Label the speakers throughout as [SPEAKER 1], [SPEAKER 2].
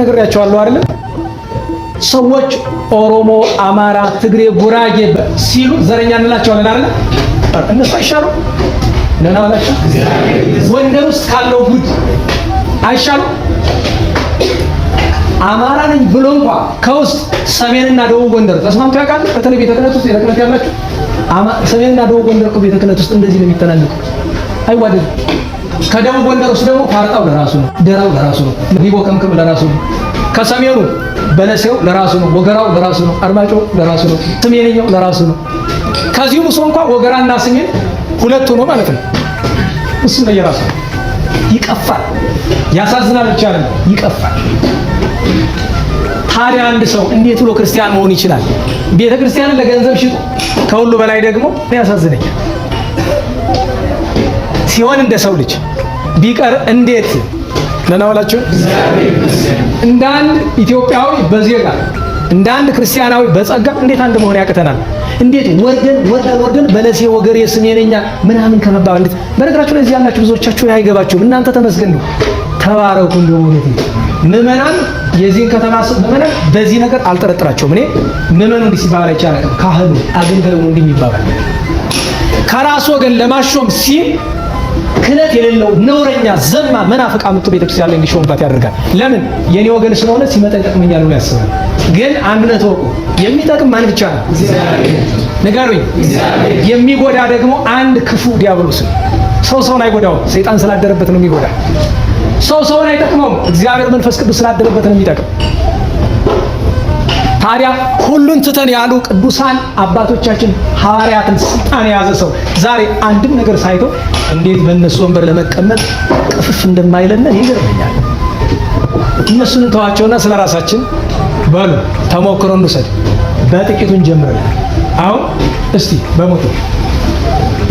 [SPEAKER 1] ነግሬያቸዋለሁ አይደለ? ሰዎች ኦሮሞ፣ አማራ፣ ትግሬ፣ ጉራጌ ሲሉ ዘረኛ እንላቸዋለን አይደለ? እነሱ አይሻሉ ነና አላችሁ ጎንደር ውስጥ ካለው ጉድ አይሻሉ አማራ ነኝ ብሎ እንኳ ከውስጥ ሰሜንና ደቡብ ጎንደር ተስማምቶ ያውቃል። በተለይ ቤተ ክህነት ውስጥ ቤተ ያላችሁ ሰሜንና ደቡብ ጎንደር ቤተ ክህነት ውስጥ እንደዚህ ነው የሚተላለፉ አይዋደድም። ከደቡብ ጎንደር ውስጥ ደግሞ ፋርጣው ለራሱ ነው፣ ደራው ለራሱ ነው፣ ሪቦ ከምክም ለራሱ ነው፣ ከሰሜኑ በለሴው ለራሱ ነው፣ ወገራው ለራሱ ነው፣ አርማጮ ለራሱ ነው፣ ስሜንኛው ለራሱ ነው። ከዚሁ ውስጥ እንኳን ወገራና ስሜን ሁለቱ ነው ማለት ነው። እሱ ነው የራሱ ይቀፋል፣ ያሳዝናል። ብቻ ነው ይቀፋል። ታዲያ አንድ ሰው እንዴት ብሎ ክርስቲያን መሆን ይችላል? ቤተክርስቲያንን ለገንዘብ ሽጡ። ከሁሉ በላይ ደግሞ ያሳዝነኛል። ሲሆን እንደ ሰው ልጅ ቢቀር እንዴት ደህና ዋላችሁ። እንደ አንድ ኢትዮጵያዊ በዜጋ እንደ አንድ ክርስቲያናዊ በጸጋ እንዴት አንድ መሆን ያቅተናል? እንዴት ወርደን ወርደን ወርደን በለሴ ወገር የስሜ ነኛ ምናምን ከመባል እንዴት። በነገራችሁ ላይ እዚህ ያላችሁ ብዙዎቻችሁ አይገባችሁም። እናንተ ተመስገን ነው፣ ተባረኩ። እንደው ነው ምዕመናን የዚህን ከተማ ሰው ምዕመናን በዚህ ነገር አልጠረጥራቸውም። እኔ ምዕመኑ እንዲህ ሲባል አይቻልም። ካህኑ አገልጋዩ እንዲህ ይባላል። ከራስ ወገን ለማሾም ሲል ክህነት የሌለው ነውረኛ ዘማ መናፍቃ ምጡ ቤተክርስቲያን ላይ እንዲሾምባት ያደርጋል። ለምን የኔ ወገን ስለሆነ ሲመጣ ይጠቅመኛል ብሎ ያስባል። ግን አንድነት ወቁ የሚጠቅም ማን ብቻ ነው? ንገሩኝ። የሚጎዳ ደግሞ አንድ ክፉ ዲያብሎስ ነው። ሰው ሰውን አይጎዳውም። ሰይጣን ስላደረበት ነው የሚጎዳ። ሰው ሰውን አይጠቅመውም። እግዚአብሔር መንፈስ ቅዱስ ስላደረበት ነው የሚጠቅም ታዲያ ሁሉን ትተን ያሉ ቅዱሳን አባቶቻችን ሐዋርያትን ስልጣን የያዘ ሰው ዛሬ አንድም ነገር ሳይቶ እንዴት በእነሱ ወንበር ለመቀመጥ ቅፍፍ እንደማይለንን ይገርመኛል። እነሱን እንተዋቸውና ስለ ራሳችን በሉ ተሞክሮ እንውሰድ። በጥቂቱን ጀምረናል። አሁን እስቲ በሞቶ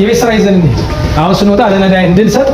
[SPEAKER 1] የቤት ስራ ይዘን እንሂድ። አሁን ስንወጣ ለነዳይ እንድንሰጥ